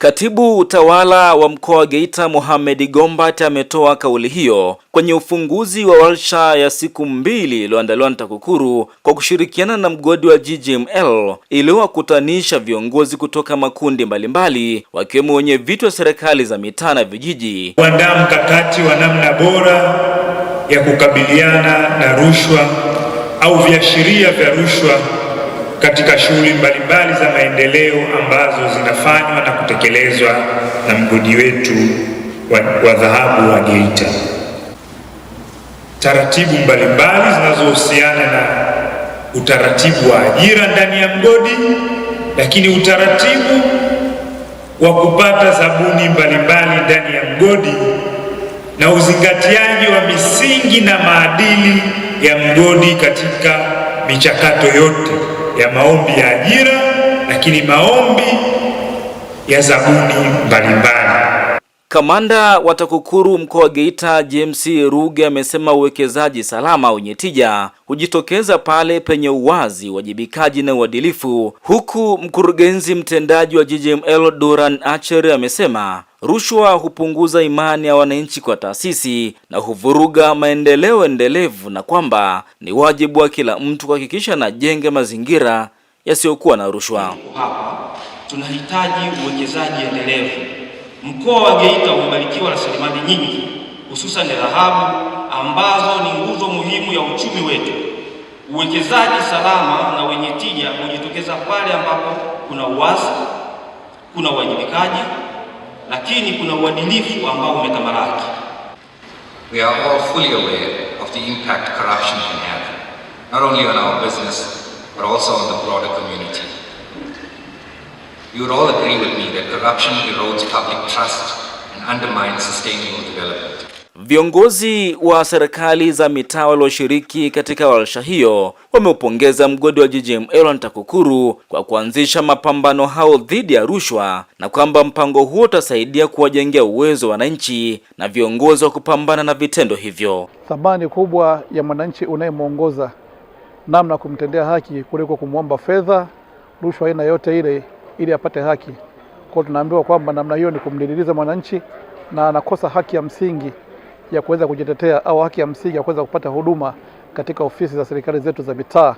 Katibu utawala wa mkoa wa Geita Mohamed Gombat ametoa kauli hiyo kwenye ufunguzi wa warsha ya siku mbili iliyoandaliwa na TAKUKURU kwa kushirikiana na mgodi wa GGML iliyowakutanisha viongozi kutoka makundi mbalimbali wakiwemo wenye vitu wa serikali za mitaa na vijiji kuandaa mkakati wa namna bora ya kukabiliana na rushwa au viashiria vya rushwa katika shughuli mbalimbali za maendeleo ambazo zinafanywa na kutekelezwa na mgodi wetu wa dhahabu wa Geita. Taratibu mbalimbali zinazohusiana na utaratibu wa ajira ndani ya mgodi, lakini utaratibu wa kupata zabuni mbalimbali ndani ya mgodi na uzingatiaji wa misingi na maadili ya mgodi katika michakato yote ya maombi ya ajira, lakini maombi ya zabuni mbalimbali. Kamanda wa TAKUKURU mkoa wa Geita James Ruge amesema uwekezaji salama wenye tija hujitokeza pale penye uwazi, uwajibikaji na uadilifu, huku mkurugenzi mtendaji wa GGML Duran Acher amesema rushwa hupunguza imani ya wananchi kwa taasisi na huvuruga maendeleo endelevu na kwamba ni wajibu wa kila mtu kuhakikisha anajenge mazingira yasiyokuwa na rushwa. Hapa tunahitaji uwekezaji endelevu Mkoa wa Geita umebarikiwa rasilimali nyingi, hususan dhahabu ambazo ni nguzo muhimu ya uchumi wetu. Uwekezaji salama na wenye tija hujitokeza pale ambapo kuna uwazi, kuna uwajibikaji, lakini kuna uadilifu ambao umetamalaki. We are all fully aware of the impact corruption can have, not only on our business, but also on the broader community. You would all agree with me that corruption erodes public trust and undermines sustainable development. Viongozi wa serikali za mitaa walioshiriki katika warsha hiyo wameupongeza mgodi wa GGML Elon TAKUKURU kwa kuanzisha mapambano hao dhidi ya rushwa na kwamba mpango huo utasaidia kuwajengea uwezo wananchi na viongozi wa kupambana na vitendo hivyo. Thamani kubwa ya mwananchi unayemwongoza namna kumtendea haki kuliko kumwomba fedha, rushwa aina yote ile ili apate haki. Kwa tunaambiwa kwamba namna hiyo ni kumdidiliza mwananchi na anakosa haki ya msingi ya kuweza kujitetea au haki ya msingi ya kuweza kupata huduma katika ofisi za serikali zetu za mitaa.